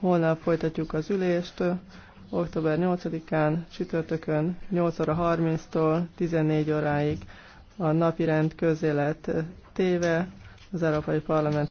Holnap folytatjuk az ülést, október 8-án, csütörtökön 8 óra 30-tól 14 óráig a napirend közélet téve az Európai Parlament